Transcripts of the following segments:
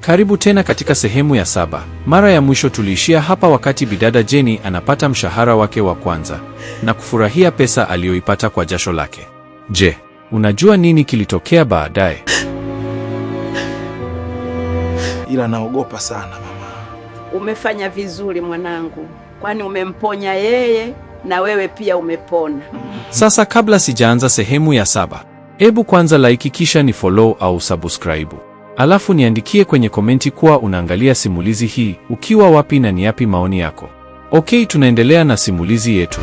Karibu tena katika sehemu ya saba. Mara ya mwisho tuliishia hapa wakati bidada Jenny anapata mshahara wake wa kwanza na kufurahia pesa aliyoipata kwa jasho lake. Je, unajua nini kilitokea baadaye? Ila naogopa sana mama. Umefanya vizuri mwanangu, kwani umemponya yeye na wewe pia umepona. Sasa kabla sijaanza sehemu ya saba, hebu kwanza like kisha ni follow au subscribe. Alafu niandikie kwenye komenti kuwa unaangalia simulizi hii ukiwa wapi na ni yapi maoni yako. Okay, tunaendelea na simulizi yetu.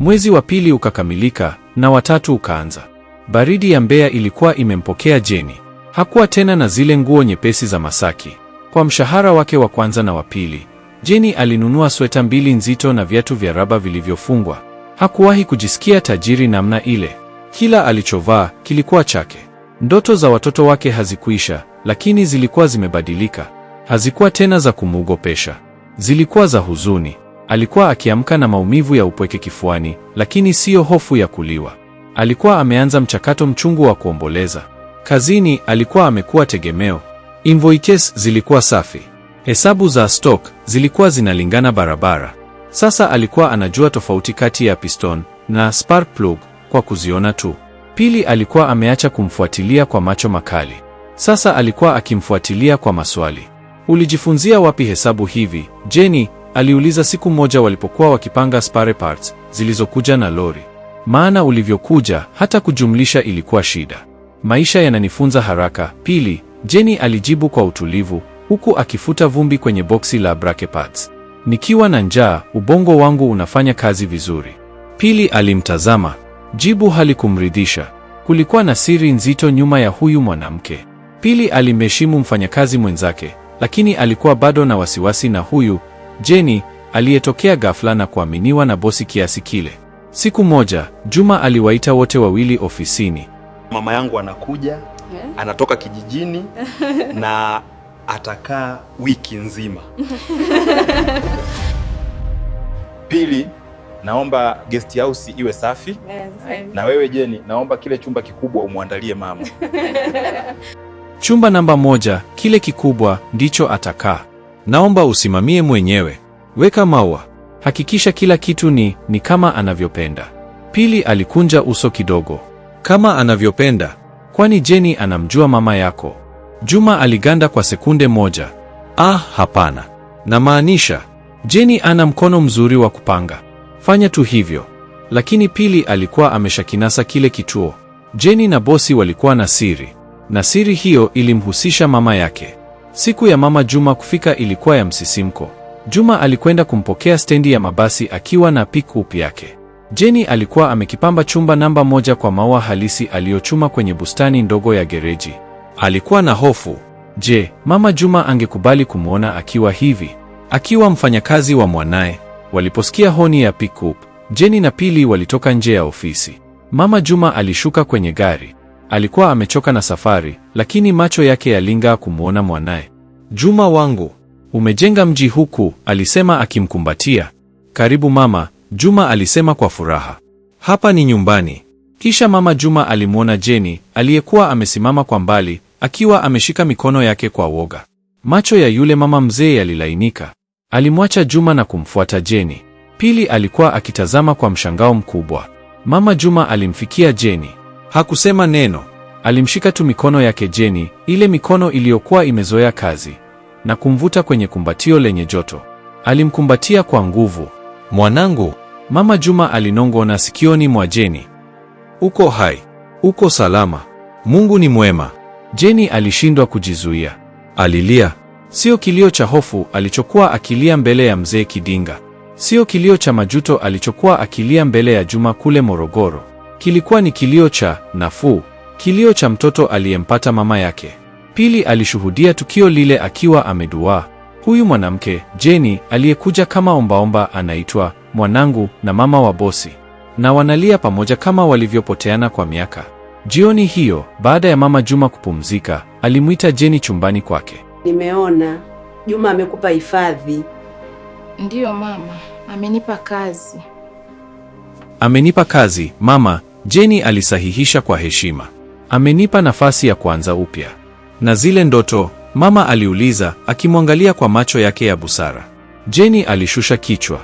Mwezi wa pili ukakamilika na watatu ukaanza. Baridi ya Mbeya ilikuwa imempokea Jeni. Hakuwa tena na zile nguo nyepesi za Masaki. Kwa mshahara wake wa kwanza na wa pili, Jeni alinunua sweta mbili nzito na viatu vya raba vilivyofungwa. Hakuwahi kujisikia tajiri namna ile. Kila alichovaa kilikuwa chake. Ndoto za watoto wake hazikuisha, lakini zilikuwa zimebadilika. Hazikuwa tena za kumwogopesha, zilikuwa za huzuni. Alikuwa akiamka na maumivu ya upweke kifuani, lakini siyo hofu ya kuliwa. Alikuwa ameanza mchakato mchungu wa kuomboleza. Kazini alikuwa amekuwa tegemeo. Invoices zilikuwa safi, hesabu za stock zilikuwa zinalingana barabara. Sasa alikuwa anajua tofauti kati ya piston na spark plug kwa kuziona tu. Pili alikuwa ameacha kumfuatilia kwa macho makali. Sasa alikuwa akimfuatilia kwa maswali. Ulijifunzia wapi hesabu hivi, Jenny? Aliuliza siku moja walipokuwa wakipanga spare parts zilizokuja na lori. Maana ulivyokuja hata kujumlisha ilikuwa shida. Maisha yananifunza haraka, Pili, Jenny alijibu kwa utulivu huku akifuta vumbi kwenye boksi la brake pads. Nikiwa na njaa, ubongo wangu unafanya kazi vizuri. Pili alimtazama Jibu halikumridhisha. Kulikuwa na siri nzito nyuma ya huyu mwanamke. Pili alimheshimu mfanyakazi mwenzake, lakini alikuwa bado na wasiwasi na huyu Jeni aliyetokea ghafla na kuaminiwa na bosi kiasi kile. Siku moja Juma aliwaita wote wawili ofisini. Mama yangu anakuja, eh? anatoka kijijini na atakaa wiki nzima. Pili naomba guest house iwe safi. Yes, na wewe Jeni, naomba kile chumba kikubwa umwandalie mama. Chumba namba moja, kile kikubwa ndicho atakaa. Naomba usimamie mwenyewe, weka maua, hakikisha kila kitu ni ni kama anavyopenda. Pili alikunja uso kidogo, kama anavyopenda, kwani Jeni anamjua mama yako. Juma aliganda kwa sekunde moja. Ah, hapana, namaanisha Jeni ana mkono mzuri wa kupanga fanya tu hivyo. Lakini Pili alikuwa ameshakinasa kile kituo. Jeni na bosi walikuwa na siri, na siri hiyo ilimhusisha mama yake. Siku ya mama Juma kufika ilikuwa ya msisimko. Juma alikwenda kumpokea stendi ya mabasi akiwa na pikup yake. Jeni alikuwa amekipamba chumba namba moja kwa maua halisi aliyochuma kwenye bustani ndogo ya gereji. Alikuwa na hofu. Je, mama Juma angekubali kumwona akiwa hivi, akiwa mfanyakazi wa mwanaye? Waliposikia honi ya pickup, Jeni na Pili walitoka nje ya ofisi. Mama Juma alishuka kwenye gari. Alikuwa amechoka na safari, lakini macho yake yalingaa kumwona mwanaye. Juma wangu, umejenga mji huku, alisema akimkumbatia. Karibu mama, Juma alisema kwa furaha. Hapa ni nyumbani. Kisha mama Juma alimwona Jeni aliyekuwa amesimama kwa mbali akiwa ameshika mikono yake kwa woga. Macho ya yule mama mzee yalilainika. Alimwacha Juma na kumfuata Jeni. Pili alikuwa akitazama kwa mshangao mkubwa. Mama Juma alimfikia Jeni, hakusema neno, alimshika tu mikono yake Jeni, ile mikono iliyokuwa imezoea kazi, na kumvuta kwenye kumbatio lenye joto. Alimkumbatia kwa nguvu. Mwanangu, Mama Juma alinong'ona sikioni mwa Jeni, uko hai, uko salama, Mungu ni mwema. Jeni alishindwa kujizuia, alilia. Sio kilio cha hofu alichokuwa akilia mbele ya mzee Kidinga, sio kilio cha majuto alichokuwa akilia mbele ya Juma kule Morogoro. Kilikuwa ni kilio cha nafuu, kilio cha mtoto aliyempata mama yake. Pili alishuhudia tukio lile akiwa ameduaa. Huyu mwanamke Jeni aliyekuja kama ombaomba anaitwa mwanangu na mama wa bosi, na wanalia pamoja kama walivyopoteana kwa miaka. Jioni hiyo, baada ya mama Juma kupumzika, alimwita Jeni chumbani kwake. Nimeona Juma amekupa hifadhi. Ndiyo mama, amenipa kazi. Amenipa kazi mama, Jeni alisahihisha kwa heshima. Amenipa nafasi ya kuanza upya. Na zile ndoto? Mama aliuliza akimwangalia kwa macho yake ya busara. Jeni alishusha kichwa.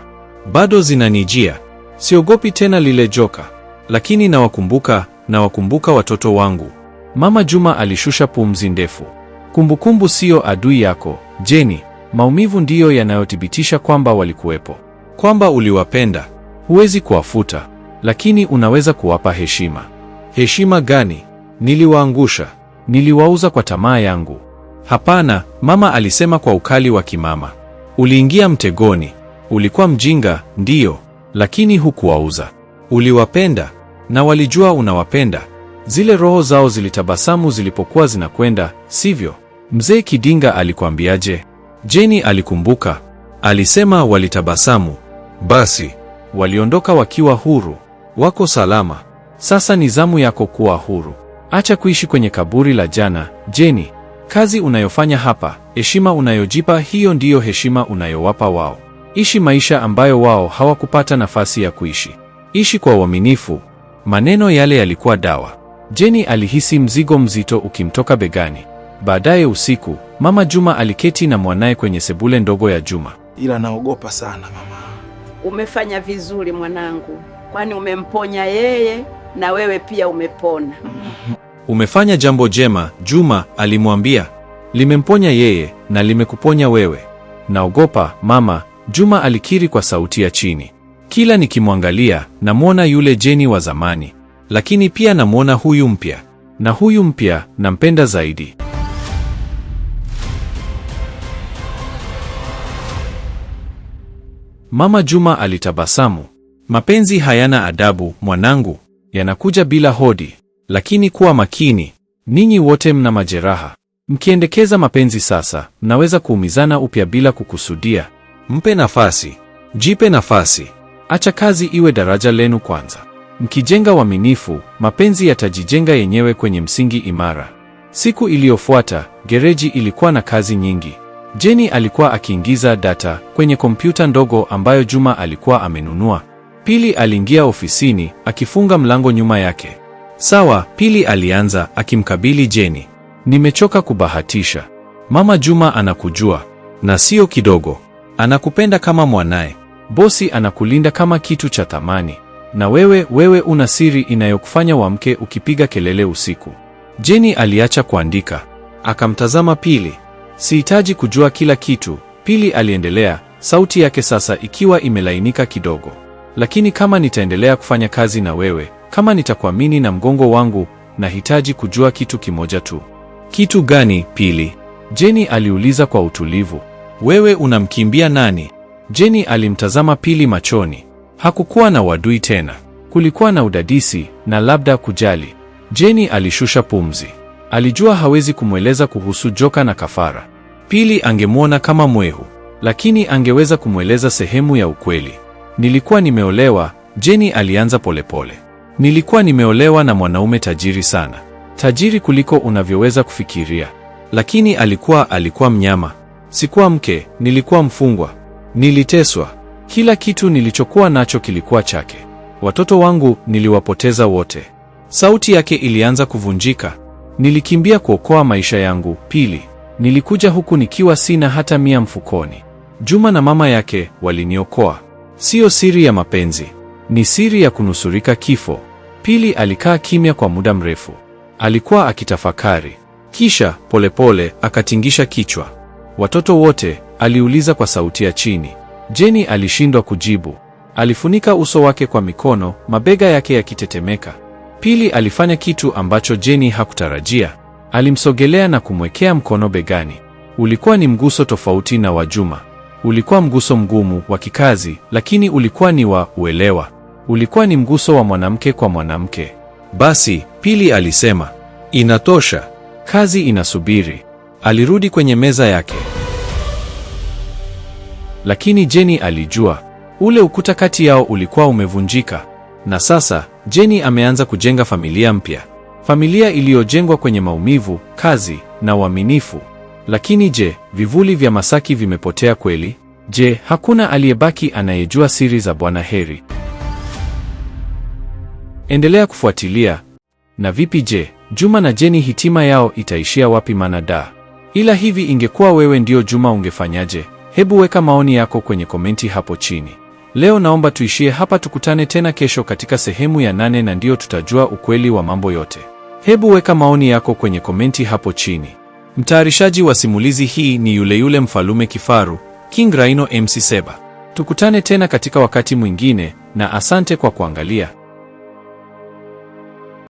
Bado zinanijia, siogopi tena lile joka, lakini nawakumbuka, nawakumbuka watoto wangu. Mama Juma alishusha pumzi ndefu. Kumbukumbu siyo adui yako, Jeni. Maumivu ndiyo yanayothibitisha kwamba walikuwepo, kwamba uliwapenda. Huwezi kuwafuta, lakini unaweza kuwapa heshima. Heshima gani? Niliwaangusha, niliwauza kwa tamaa yangu. Hapana, mama alisema kwa ukali wa kimama. Uliingia mtegoni. Ulikuwa mjinga, ndiyo, lakini hukuwauza. Uliwapenda na walijua unawapenda. Zile roho zao zilitabasamu zilipokuwa zinakwenda, sivyo? Mzee Kidinga alikwambiaje? Jeni alikumbuka. Alisema walitabasamu. Basi waliondoka wakiwa huru. Wako salama. Sasa ni zamu yako kuwa huru. Acha kuishi kwenye kaburi la jana, Jeni. Kazi unayofanya hapa, heshima unayojipa, hiyo ndiyo heshima unayowapa wao. Ishi maisha ambayo wao hawakupata nafasi ya kuishi. Ishi kwa uaminifu. Maneno yale yalikuwa dawa. Jeni alihisi mzigo mzito ukimtoka begani. Baadaye usiku, Mama Juma aliketi na mwanaye kwenye sebule ndogo ya Juma. Ila naogopa sana mama. Umefanya vizuri mwanangu, kwani umemponya yeye na wewe pia umepona. Umefanya jambo jema, Juma alimwambia. Limemponya yeye na limekuponya wewe. Naogopa mama, Juma alikiri kwa sauti ya chini. Kila nikimwangalia namwona yule Jeni wa zamani lakini pia namwona huyu mpya na huyu mpya nampenda zaidi. Mama Juma alitabasamu. Mapenzi hayana adabu, mwanangu, yanakuja bila hodi. Lakini kuwa makini, ninyi wote mna majeraha. Mkiendekeza mapenzi sasa, mnaweza kuumizana upya bila kukusudia. Mpe nafasi, jipe nafasi, acha kazi iwe daraja lenu kwanza. Mkijenga uaminifu, mapenzi yatajijenga yenyewe kwenye msingi imara. Siku iliyofuata, gereji ilikuwa na kazi nyingi. Jeni alikuwa akiingiza data kwenye kompyuta ndogo ambayo Juma alikuwa amenunua. Pili aliingia ofisini akifunga mlango nyuma yake. Sawa, Pili alianza akimkabili Jeni. Nimechoka kubahatisha. Mama Juma anakujua na sio kidogo. Anakupenda kama mwanaye. Bosi anakulinda kama kitu cha thamani. Na wewe, wewe una siri inayokufanya uamke ukipiga kelele usiku. Jeni aliacha kuandika, akamtazama Pili. Sihitaji kujua kila kitu, Pili aliendelea, sauti yake sasa ikiwa imelainika kidogo. Lakini kama nitaendelea kufanya kazi na wewe, kama nitakuamini na mgongo wangu, nahitaji kujua kitu kimoja tu. Kitu gani, Pili? Jeni aliuliza kwa utulivu. Wewe unamkimbia nani? Jeni alimtazama Pili machoni. Hakukuwa na wadui tena, kulikuwa na udadisi na labda kujali. Jeni alishusha pumzi. Alijua hawezi kumweleza kuhusu joka na kafara. Pili angemwona kama mwehu, lakini angeweza kumweleza sehemu ya ukweli. Nilikuwa nimeolewa, Jeni alianza polepole. Nilikuwa nimeolewa na mwanaume tajiri sana, tajiri kuliko unavyoweza kufikiria, lakini alikuwa alikuwa mnyama. Sikuwa mke, nilikuwa mfungwa, niliteswa kila kitu nilichokuwa nacho kilikuwa chake. Watoto wangu niliwapoteza wote. Sauti yake ilianza kuvunjika. Nilikimbia kuokoa maisha yangu. Pili, nilikuja huku nikiwa sina hata mia mfukoni. Juma na mama yake waliniokoa. Siyo siri ya mapenzi, ni siri ya kunusurika kifo. Pili alikaa kimya kwa muda mrefu, alikuwa akitafakari. Kisha polepole pole, akatingisha kichwa. Watoto wote? aliuliza kwa sauti ya chini. Jeni alishindwa kujibu. Alifunika uso wake kwa mikono, mabega yake yakitetemeka. Pili alifanya kitu ambacho Jeni hakutarajia. Alimsogelea na kumwekea mkono begani. Ulikuwa ni mguso tofauti na wa Juma. Ulikuwa mguso mgumu wa kikazi, lakini ulikuwa ni wa uelewa. Ulikuwa ni mguso wa mwanamke kwa mwanamke. Basi Pili alisema, inatosha, kazi inasubiri. Alirudi kwenye meza yake. Lakini Jeni alijua ule ukuta kati yao ulikuwa umevunjika, na sasa Jeni ameanza kujenga familia mpya, familia iliyojengwa kwenye maumivu, kazi na uaminifu. Lakini je, vivuli vya Masaki vimepotea kweli? Je, hakuna aliyebaki anayejua siri za Bwana Heri? Endelea kufuatilia. Na vipi je, Juma na Jeni hitima yao itaishia wapi? manada ila hivi ingekuwa wewe ndio Juma, ungefanyaje? Hebu weka maoni yako kwenye komenti hapo chini. Leo naomba tuishie hapa, tukutane tena kesho katika sehemu ya nane, na ndiyo tutajua ukweli wa mambo yote. Hebu weka maoni yako kwenye komenti hapo chini. Mtayarishaji wa simulizi hii ni yule yule Mfalume Kifaru, King Rhino MC Seba. Tukutane tena katika wakati mwingine na asante kwa kuangalia.